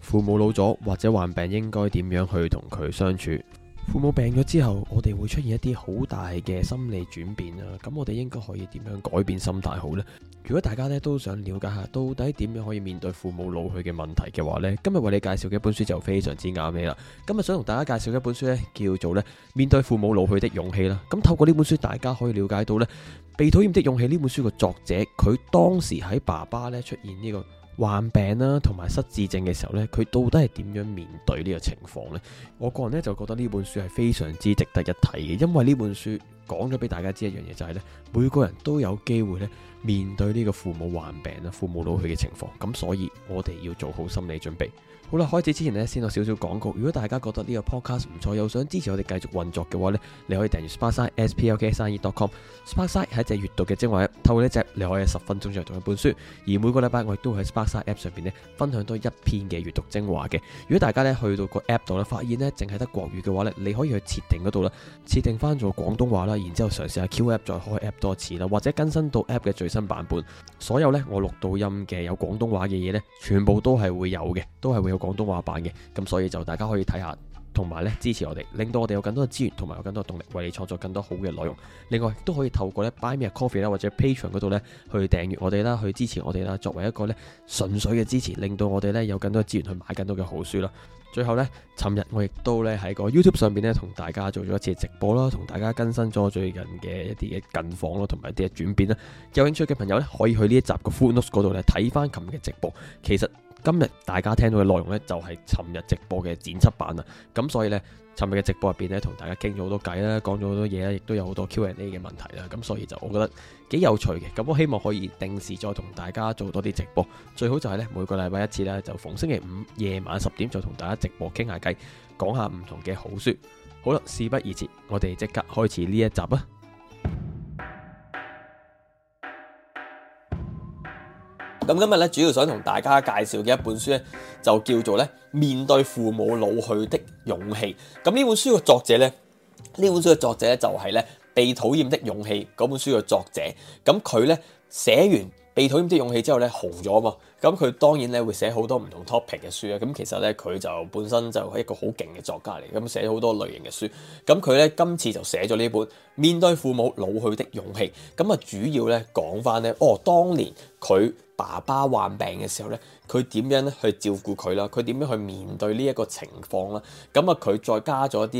父母老咗或者患病，應該點樣去同佢相處？父母病咗之後，我哋會出現一啲好大嘅心理轉變啊！咁我哋應該可以點樣改變心態好呢？如果大家呢都想了解下到底點樣可以面對父母老去嘅問題嘅話呢，今日為你介紹嘅一本書就非常之啱你啦！今日想同大家介紹嘅一本書呢，叫做呢《面對父母老去的勇氣》啦。咁透過呢本書，大家可以了解到呢，《被討厭的勇氣》呢本書嘅作者佢當時喺爸爸呢出現呢個。患病啦，同埋失智症嘅時候呢，佢到底係點樣面對呢個情況呢？我個人呢，就覺得呢本書係非常之值得一提嘅，因為呢本書講咗俾大家知一樣嘢，就係呢：每個人都有機會呢面對呢個父母患病啦、父母老去嘅情況，咁所以我哋要做好心理準備。好啦，開始之前呢，先做少少廣告。如果大家覺得呢個 podcast 唔錯，又想支持我哋繼續運作嘅話呢，你可以訂閱 Sparkside S P L K S I D E dot com。Sparkside 係一隻閲讀嘅精華，透過呢隻你可以十分鐘就讀一本書。而每個禮拜我亦都喺 Sparkside app 上邊呢分享多一篇嘅閲讀精華嘅。如果大家呢去到個 app 度呢，發現呢淨係得國語嘅話呢，你可以去設定嗰度啦，設定翻做廣東話啦，然之後嘗試下 Q app 再開 app 多次啦，或者更新到 app 嘅最新版本。所有呢，我錄到音嘅有廣東話嘅嘢呢，全部都係會有嘅，都係會有。廣東話版嘅，咁所以就大家可以睇下，同埋咧支持我哋，令到我哋有更多嘅資源，同埋有更多嘅動力，為你創作更多好嘅內容。另外，都可以透過咧 Buy Me Coffee 啦，或者 Pay 牆嗰度咧去訂閱我哋啦，去支持我哋啦。作為一個咧純粹嘅支持，令到我哋咧有更多嘅資源去買更多嘅好書啦。最後咧，尋日我亦都咧喺個 YouTube 上邊咧同大家做咗一次直播啦，同大家更新咗最近嘅一啲嘅近況咯，同埋一啲嘅轉變啦。有興趣嘅朋友咧，可以去呢一集個 Full News 嗰度咧睇翻琴日嘅直播。其實。今日大家聽到嘅內容呢，就係尋日直播嘅剪輯版啊！咁所以呢，尋日嘅直播入邊呢，同大家傾咗好多偈啦，講咗好多嘢啦，亦都有好多 Q&A 嘅問題啦。咁所以就我覺得幾有趣嘅。咁我希望可以定時再同大家做多啲直播，最好就係呢，每個禮拜一次啦，就逢星期五夜晚十點就同大家直播傾下偈，講下唔同嘅好書。好啦，事不宜遲，我哋即刻開始呢一集啊！咁今日咧，主要想同大家介紹嘅一本書咧，就叫做咧《面對父母老去的勇氣》。咁呢本書嘅作者咧，呢本書嘅作者咧就係咧《被討厭的勇氣》嗰本書嘅作者。咁佢咧寫完《被討厭的勇氣》之後咧紅咗嘛，咁佢當然咧會寫好多唔同 topic 嘅書啊。咁其實咧佢就本身就係一個好勁嘅作家嚟，咁寫好多類型嘅書。咁佢咧今次就寫咗呢本《面對父母老去的勇氣》。咁啊，主要咧講翻咧，哦，當年佢。爸爸患病嘅時候咧，佢點樣咧去照顧佢啦？佢點樣去面對呢一個情況啦？咁啊，佢再加咗一啲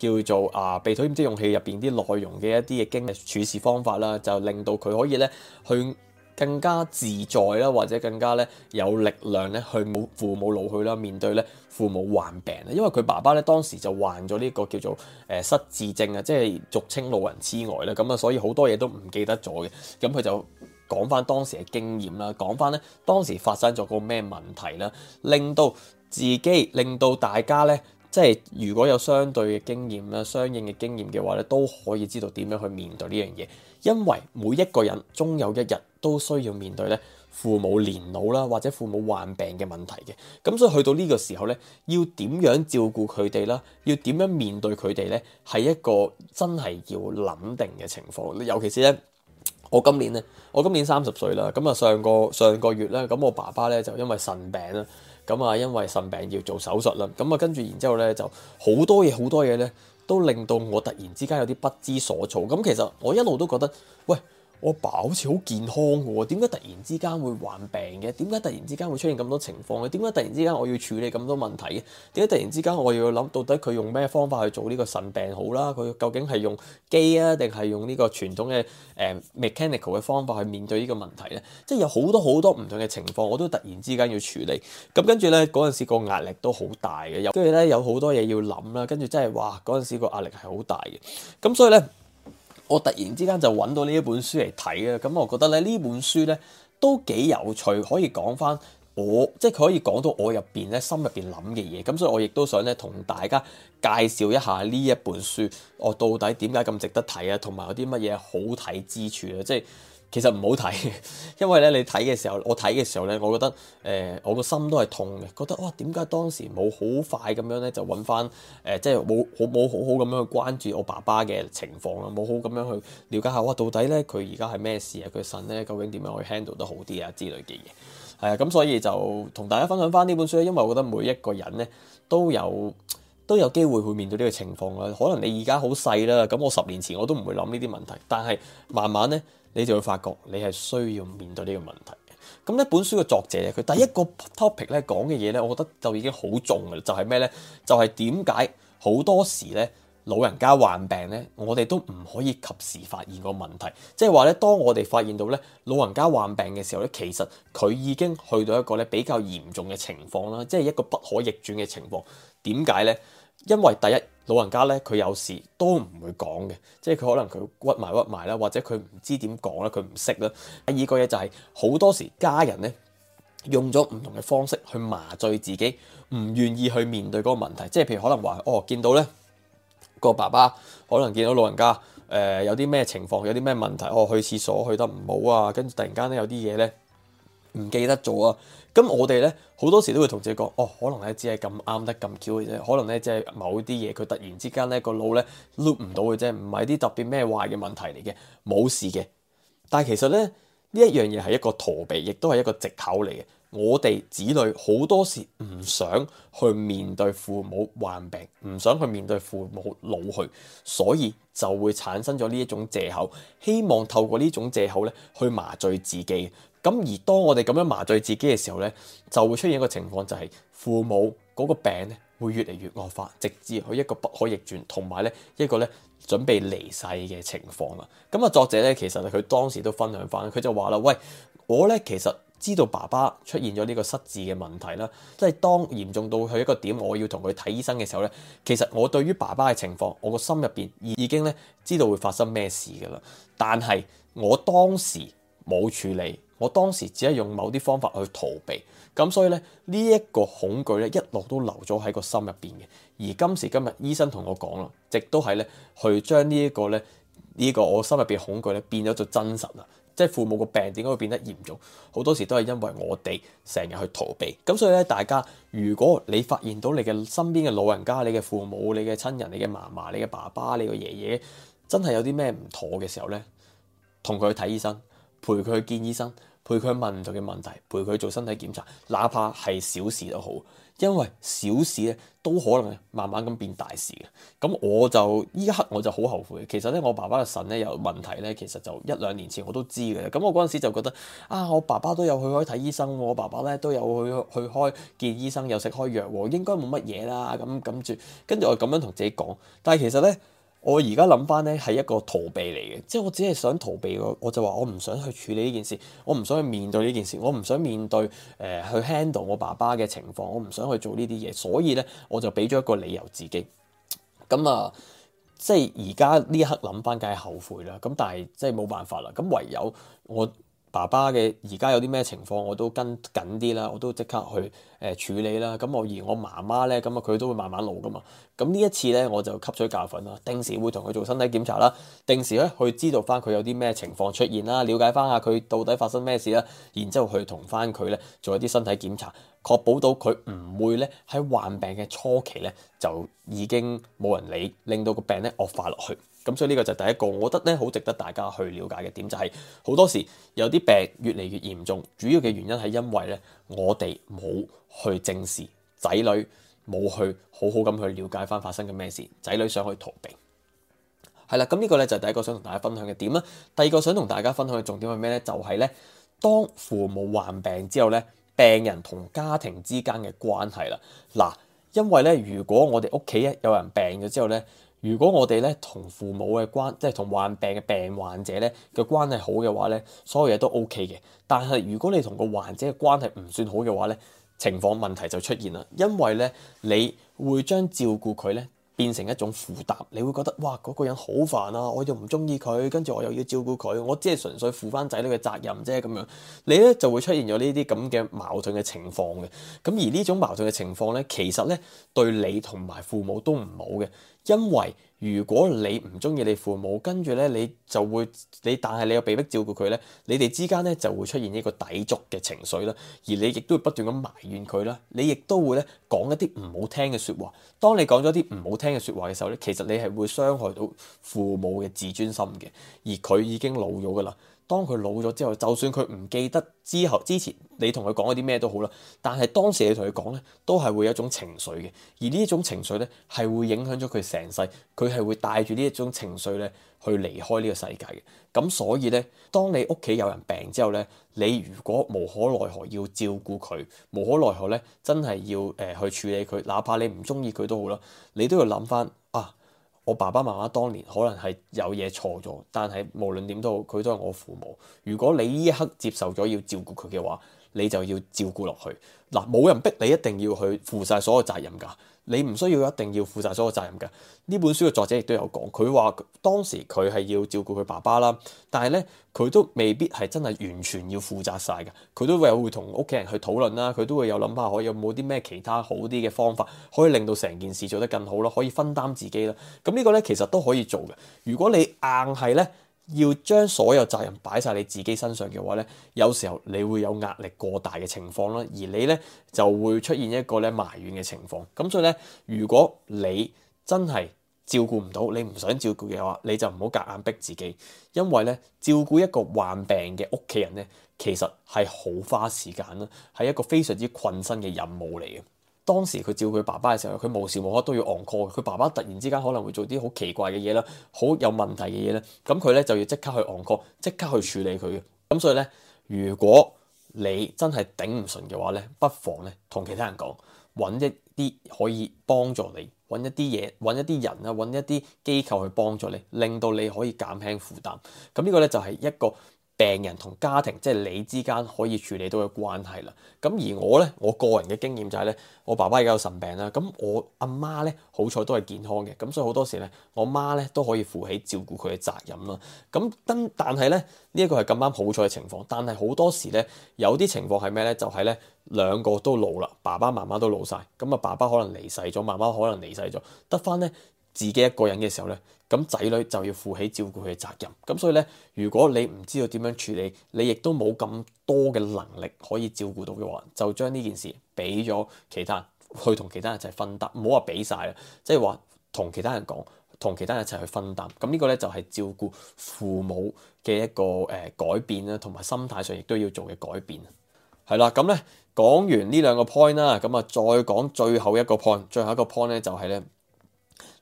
咧叫做啊、呃，鼻涕唔知用器入邊啲內容嘅一啲嘅經歷處事方法啦，就令到佢可以咧去更加自在啦，或者更加咧有力量咧去母父母老去啦，面對咧父母患病。因為佢爸爸咧當時就患咗呢個叫做誒、呃、失智症啊，即係俗稱老人痴呆、呃、啦。咁啊，所以好多嘢都唔記得咗嘅。咁佢就。講翻當時嘅經驗啦，講翻咧當時發生咗個咩問題啦，令到自己，令到大家咧，即係如果有相對嘅經驗啦，相應嘅經驗嘅話咧，都可以知道點樣去面對呢樣嘢。因為每一個人終有一日都需要面對咧父母年老啦，或者父母患病嘅問題嘅。咁所以去到呢個時候咧，要點樣照顧佢哋啦，要點樣面對佢哋咧，係一個真係要諗定嘅情況，尤其是咧。我今年咧，我今年三十歲啦。咁啊，上個上個月咧，咁我爸爸咧就因為腎病啦，咁啊因為腎病要做手術啦。咁啊，跟住然之後咧，就好多嘢好多嘢咧，都令到我突然之間有啲不知所措。咁其實我一路都覺得，喂。我爸好似好健康嘅喎，點解突然之間會患病嘅？點解突然之間會出現咁多情況嘅？點解突然之間我要處理咁多問題嘅？點解突然之間我要諗到底佢用咩方法去做呢個腎病？好啦，佢究竟係用機啊，定係用呢個傳統嘅誒、呃、mechanical 嘅方法去面對呢個問題咧？即係有好多好多唔同嘅情況，我都突然之間要處理。咁跟住咧，嗰陣時個壓力都好大嘅，有跟住咧有好多嘢要諗啦。跟住真係哇，嗰陣時個壓力係好大嘅。咁所以咧。我突然之間就揾到呢一本書嚟睇啊！咁我覺得咧，呢本書咧都幾有趣，可以講返我，即係佢可以講到我入邊咧心入邊諗嘅嘢。咁所以我亦都想咧同大家介紹一下呢一本書，我到底點解咁值得睇啊？同埋有啲乜嘢好睇之處啊？即係。其實唔好睇，因為咧，你睇嘅時候，我睇嘅時候咧，我覺得誒、呃，我個心都係痛嘅，覺得哇，點解當時冇好快咁樣咧就揾翻誒，即係冇冇冇好好咁樣去關注我爸爸嘅情況啦，冇好咁樣去了解下哇，到底咧佢而家係咩事啊？佢腎咧究竟點樣去 handle 得好啲啊？之類嘅嘢係啊，咁所以就同大家分享翻呢本書咧，因為我覺得每一個人咧都有都有機會會面對呢個情況啦。可能你而家好細啦，咁我十年前我都唔會諗呢啲問題，但係慢慢咧，你就會發覺你係需要面對呢個問題。咁呢本書嘅作者咧，佢第一個 topic 咧講嘅嘢咧，我覺得就已經好重嘅喇，就係咩咧？就係點解好多時咧，老人家患病咧，我哋都唔可以及時發現個問題。即係話咧，當我哋發現到咧，老人家患病嘅時候咧，其實佢已經去到一個咧比較嚴重嘅情況啦，即係一個不可逆轉嘅情況。點解咧？因為第一老人家咧，佢有時都唔會講嘅，即係佢可能佢屈埋屈埋啦，或者佢唔知點講啦，佢唔識啦。第二個嘢就係、是、好多時家人咧用咗唔同嘅方式去麻醉自己，唔願意去面對嗰個問題。即係譬如可能話哦，見到咧個爸爸可能見到老人家誒有啲咩情況，有啲咩問題哦，去廁所去得唔好啊，跟住突然間咧有啲嘢咧。唔記得咗啊！咁我哋咧好多時都會同自己講：哦，可能咧只係咁啱得咁巧嘅啫，可能咧只係某啲嘢佢突然之間咧個腦咧 loop 唔到嘅啫，唔係啲特別咩壞嘅問題嚟嘅，冇事嘅。但係其實咧呢一樣嘢係一個逃避，亦都係一個藉口嚟嘅。我哋子女好多時唔想去面對父母患病，唔想去面對父母老去，所以就會產生咗呢一種藉口，希望透過呢種藉口咧去麻醉自己。咁而當我哋咁樣麻醉自己嘅時候呢，就會出現一個情況，就係父母嗰個病呢會越嚟越惡化，直至佢一個不可逆轉，同埋呢一個呢準備離世嘅情況啦。咁啊，作者呢，其實佢當時都分享返，佢就話啦：喂，我呢，其實知道爸爸出現咗呢個失智嘅問題啦，即係當嚴重到去一個點，我要同佢睇醫生嘅時候呢，其實我對於爸爸嘅情況，我個心入邊已已經呢知道會發生咩事噶啦。但係我當時冇處理。我當時只係用某啲方法去逃避，咁所以咧呢一個恐懼咧一路都留咗喺個心入邊嘅。而今時今日，醫生同我講啦，直都係咧去將呢一個咧呢個我心入邊嘅恐懼咧變咗做真實啦。即係父母個病點解會變得嚴重？好多時都係因為我哋成日去逃避。咁所以咧，大家如果你發現到你嘅身邊嘅老人家、你嘅父母、你嘅親人、你嘅嫲嫲、你嘅爸爸、你嘅爺爺真係有啲咩唔妥嘅時候咧，同佢去睇醫生。陪佢去見醫生，陪佢問唔同嘅問題，陪佢做身體檢查，哪怕係小事都好，因為小事咧都可能慢慢咁變大事嘅。咁我就呢一刻我就好後悔。其實咧我爸爸嘅腎咧有問題咧，其實就一兩年前我都知嘅。咁我嗰陣時就覺得啊，我爸爸都有去開睇醫生，我爸爸咧都有去去開見醫生，又食開藥，應該冇乜嘢啦。咁咁住，跟住我咁樣同自己講，但係其實咧。我而家諗翻咧，係一個逃避嚟嘅，即係我只係想逃避，我就話我唔想去處理呢件事，我唔想去面對呢件事，我唔想面對誒、呃、去 handle 我爸爸嘅情況，我唔想去做呢啲嘢，所以咧我就俾咗一個理由自己，咁啊，即係而家呢刻諗翻梗係後悔啦，咁但係即係冇辦法啦，咁唯有我。爸爸嘅而家有啲咩情況，我都跟緊啲啦，我都即刻去誒、呃、處理啦。咁我而我媽媽咧，咁啊佢都會慢慢老㗎嘛。咁呢一次咧，我就吸取教訓啦，定時會同佢做身體檢查啦，定時咧去知道翻佢有啲咩情況出現啦，了解翻下佢到底發生咩事啦，然之後去同翻佢咧做一啲身體檢查，確保到佢唔會咧喺患病嘅初期咧就已經冇人理，令到個病咧惡化落去。咁所以呢個就係第一個，我覺得咧好值得大家去了解嘅點就係、是、好多時有啲病越嚟越嚴重，主要嘅原因係因為咧我哋冇去正視，仔女冇去好好咁去了解翻發生緊咩事，仔女想去逃避。係啦，咁呢個咧就係、是、第一個想同大家分享嘅點啦。第二個想同大家分享嘅重點係咩咧？就係、是、咧，當父母患病之後咧，病人同家庭之間嘅關係啦。嗱，因為咧，如果我哋屋企咧有人病咗之後咧。如果我哋咧同父母嘅關，即係同患病嘅病患者咧嘅關係好嘅話咧，所有嘢都 OK 嘅。但係如果你同個患者嘅關係唔算好嘅話咧，情況問題就出現啦。因為咧你會將照顧佢咧。變成一種負擔，你會覺得哇嗰個人好煩啊！我又唔中意佢，跟住我又要照顧佢，我只係純粹負翻仔女嘅責任啫咁樣。你咧就會出現咗呢啲咁嘅矛盾嘅情況嘅。咁而呢種矛盾嘅情況咧，其實咧對你同埋父母都唔好嘅，因為，如果你唔中意你父母，跟住咧你就會你，但係你又被迫照顧佢咧，你哋之間咧就會出現呢個抵觸嘅情緒啦。而你亦都會不斷咁埋怨佢啦，你亦都會咧講一啲唔好聽嘅説話。當你講咗啲唔好聽嘅説話嘅時候咧，其實你係會傷害到父母嘅自尊心嘅，而佢已經老咗㗎喇。當佢老咗之後，就算佢唔記得之後之前你同佢講嗰啲咩都好啦，但係當時你同佢講咧，都係會有一種情緒嘅，而呢一種情緒咧，係會影響咗佢成世，佢係會帶住呢一種情緒咧去離開呢個世界嘅。咁所以咧，當你屋企有人病之後咧，你如果無可奈何要照顧佢，無可奈何咧，真係要誒去處理佢，哪怕你唔中意佢都好啦，你都要諗翻。我爸爸媽媽當年可能係有嘢錯咗，但係無論點都好，佢都係我父母。如果你呢一刻接受咗要照顧佢嘅話，你就要照顧落去嗱，冇人逼你一定要去負晒所有責任㗎，你唔需要一定要負晒所有責任㗎。呢本書嘅作者亦都有講，佢話當時佢係要照顧佢爸爸啦，但係咧佢都未必係真係完全要負責晒㗎，佢都會同屋企人去討論啦，佢都會有諗下可以有冇啲咩其他好啲嘅方法可以令到成件事做得更好咯，可以分擔自己啦。咁、這、呢個咧其實都可以做嘅。如果你硬係咧，要將所有責任擺晒你自己身上嘅話咧，有時候你會有壓力過大嘅情況啦，而你咧就會出現一個咧埋怨嘅情況。咁所以咧，如果你真係照顧唔到，你唔想照顧嘅話，你就唔好夾硬逼自己，因為咧照顧一個患病嘅屋企人咧，其實係好花時間啦，係一個非常之困身嘅任務嚟嘅。當時佢照佢爸爸嘅時候，佢無時無刻都要 on call。佢爸爸突然之間可能會做啲好奇怪嘅嘢啦，好有問題嘅嘢咧，咁佢咧就要即刻去 on call，即刻去處理佢嘅。咁所以咧，如果你真係頂唔順嘅話咧，不妨咧同其他人講，揾一啲可以幫助你，揾一啲嘢，揾一啲人啊，揾一啲機構去幫助你，令到你可以減輕負擔。咁呢個咧就係一個。病人同家庭即係你之間可以處理到嘅關係啦。咁而我咧，我個人嘅經驗就係、是、咧，我爸爸而家有腎病啦。咁我阿媽咧，好彩都係健康嘅。咁所以好多時咧，我媽咧都可以負起照顧佢嘅責任咯。咁但但係咧，呢一個係咁啱好彩嘅情況。但係、這個、好但多時咧，有啲情況係咩咧？就係、是、咧，兩個都老啦，爸爸媽媽都老晒。咁啊，爸爸可能離世咗，媽媽可能離世咗，得翻咧。自己一個人嘅時候咧，咁仔女就要負起照顧佢嘅責任。咁所以咧，如果你唔知道點樣處理，你亦都冇咁多嘅能力可以照顧到嘅話，就將呢件事俾咗其他人去同其他人一齊分擔。唔好話俾晒啦，即係話同其他人講，同其他人一齊去分擔。咁呢個咧就係照顧父母嘅一個誒改變啦，同埋心態上亦都要做嘅改變。係啦，咁咧講完呢兩個 point 啦，咁啊再講最後一個 point，最後一個 point 咧就係咧。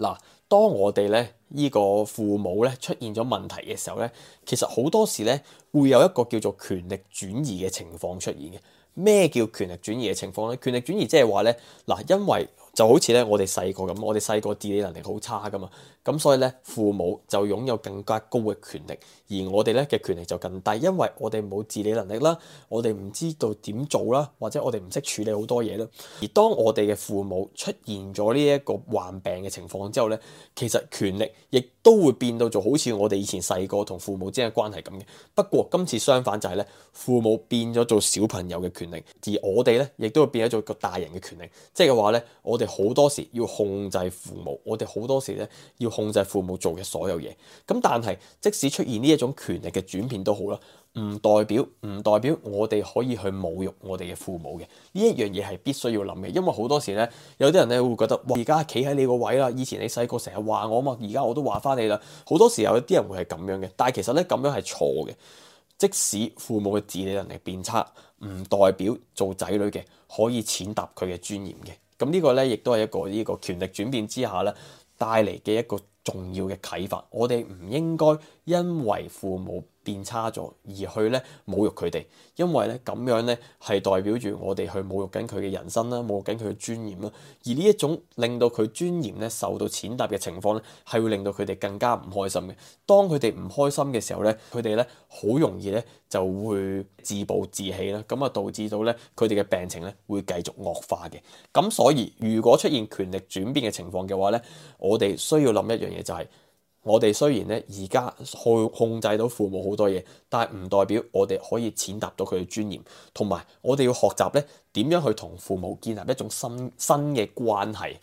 嗱，當我哋咧呢個父母咧出現咗問題嘅時候咧，其實好多時咧會有一個叫做權力轉移嘅情況出現嘅。咩叫權力轉移嘅情況咧？權力轉移即係話咧，嗱，因為。就好似咧，我哋細個咁，我哋細個自理能力好差噶嘛，咁所以咧，父母就擁有更加高嘅權力，而我哋咧嘅權力就更低，因為我哋冇自理能力啦，我哋唔知道點做啦，或者我哋唔識處理好多嘢啦。而當我哋嘅父母出現咗呢一個患病嘅情況之後咧，其實權力亦都會變到做好似我哋以前細個同父母之間嘅關係咁嘅。不過今次相反就係咧，父母變咗做小朋友嘅權力，而我哋咧亦都會變咗做個大人嘅權力，即係嘅話咧，我。我哋好多時要控制父母，我哋好多時咧要控制父母做嘅所有嘢。咁但係即使出現呢一種權力嘅轉變都好啦，唔代表唔代表我哋可以去侮辱我哋嘅父母嘅。呢一樣嘢係必須要諗嘅。因為好多時咧，有啲人咧會覺得哇，而家企喺你個位啦，以前你細個成日話我啊嘛，而家我都話返你啦。好多時候有啲人會係咁樣嘅，但係其實咧咁樣係錯嘅。即使父母嘅自理能力變差，唔代表做仔女嘅可以踐踏佢嘅尊嚴嘅。咁呢個咧，亦都係一個呢個權力轉變之下咧，帶嚟嘅一個重要嘅啟發，我哋唔應該因為父母變差咗而去咧侮辱佢哋，因為咧咁樣咧係代表住我哋去侮辱緊佢嘅人生啦，侮辱緊佢嘅尊嚴啦。而呢一種令到佢尊嚴咧受到踐踏嘅情況咧，係會令到佢哋更加唔開心嘅。當佢哋唔開心嘅時候咧，佢哋咧好容易咧就會自暴自棄啦，咁啊導致到咧佢哋嘅病情咧會繼續惡化嘅。咁所以如果出現權力轉變嘅情況嘅話咧，我哋需要諗一樣。嘢就係，是，我哋雖然咧而家去控制到父母好多嘢，但係唔代表我哋可以踐踏到佢嘅尊嚴，同埋我哋要學習咧點樣去同父母建立一種新新嘅關係。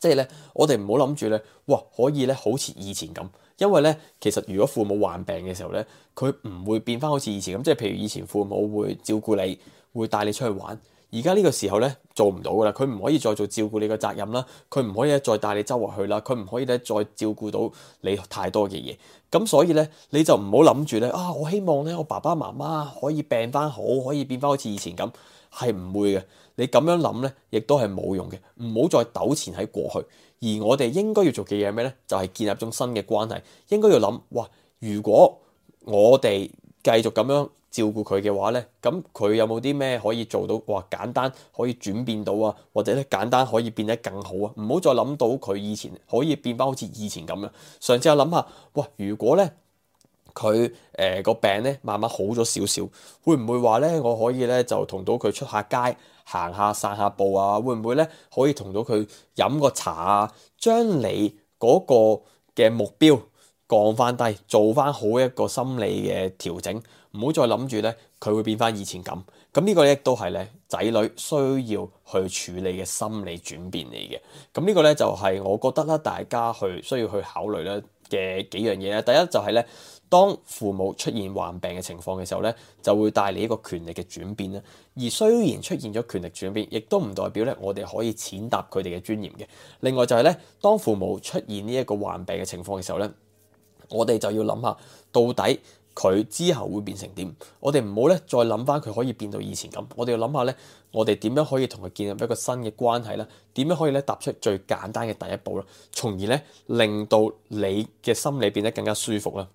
即係咧，我哋唔好諗住咧，哇，可以咧好似以前咁，因為咧其實如果父母患病嘅時候咧，佢唔會變返好似以前咁，即係譬如以前父母會照顧你，會帶你出去玩。而家呢個時候咧，做唔到噶啦，佢唔可以再做照顧你嘅責任啦，佢唔可以再帶你周圍去啦，佢唔可以咧再照顧到你太多嘅嘢。咁所以咧，你就唔好諗住咧，啊我希望咧我爸爸媽媽可以病翻好，可以變翻好似以前咁，係唔會嘅。你咁樣諗咧，亦都係冇用嘅。唔好再糾纏喺過去，而我哋應該要做嘅嘢係咩咧？就係建立一種新嘅關係。應該要諗，哇！如果我哋繼續咁樣。照顧佢嘅話咧，咁佢有冇啲咩可以做到？哇，簡單可以轉變到啊，或者咧簡單可以變得更好啊！唔好再諗到佢以前可以變翻好似以前咁樣。上次我諗下，哇！如果咧佢誒個病咧慢慢好咗少少，會唔會話咧我可以咧就同到佢出下街行下散下步啊？會唔會咧可以同到佢飲個茶啊？將你嗰個嘅目標。降翻低，做翻好一個心理嘅調整，唔好再諗住咧，佢會變翻以前咁。咁呢個亦都係咧仔女需要去處理嘅心理轉變嚟嘅。咁呢個咧就係我覺得啦，大家去需要去考慮咧嘅幾樣嘢咧。第一就係咧，當父母出現患病嘅情況嘅時候咧，就會帶嚟一個權力嘅轉變啦。而雖然出現咗權力轉變，亦都唔代表咧我哋可以踐踏佢哋嘅尊嚴嘅。另外就係咧，當父母出現呢一個患病嘅情況嘅時候咧。我哋就要諗下，到底佢之後會變成點？我哋唔好咧，再諗返佢可以變到以前咁。我哋要諗下咧，我哋點樣可以同佢建立一個新嘅關係啦？點樣可以咧踏出最簡單嘅第一步啦？從而咧，令到你嘅心理變得更加舒服啦，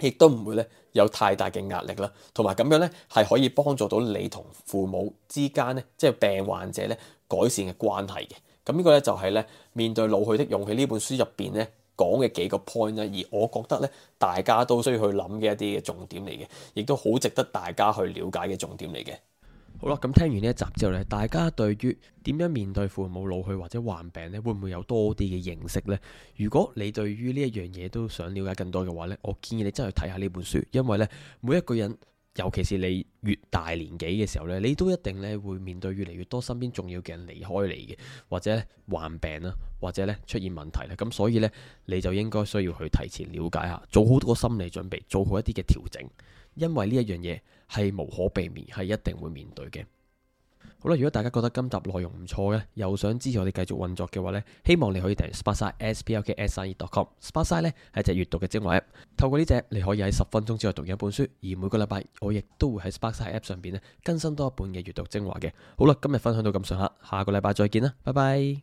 亦都唔會咧有太大嘅壓力啦。同埋咁樣咧，係可以幫助到你同父母之間咧，即係病患者咧改善嘅關係嘅。咁呢個咧就係咧面對老去的勇氣呢本書入邊咧，講嘅幾個 point 啦，而我覺得咧，大家都需要去諗嘅一啲嘅重點嚟嘅，亦都好值得大家去了解嘅重點嚟嘅。好啦，咁聽完呢一集之後咧，大家對於點樣面對父母老去或者患病咧，會唔會有多啲嘅認識呢？如果你對於呢一樣嘢都想了解更多嘅話咧，我建議你真係去睇下呢本書，因為咧，每一個人。尤其是你越大年紀嘅時候咧，你都一定咧會面對越嚟越多身邊重要嘅人離開你嘅，或者患病啦，或者咧出現問題啦，咁所以咧你就應該需要去提前了解下，做好多個心理準備，做好一啲嘅調整，因為呢一樣嘢，係無可避免，係一定會面對嘅。好啦，如果大家覺得今集內容唔錯嘅，又想支持我哋繼續運作嘅話呢，希望你可以訂閱 Sparkside S B L K、s i d e c o m Sparkside 呢係一隻閱讀嘅精華 App，透過呢隻你可以喺十分鐘之內讀完一本書，而每個禮拜我亦都會喺 Sparkside App 上邊咧更新多一本嘅閱讀精華嘅。好啦，今日分享到咁上下，下個禮拜再見啦，拜拜。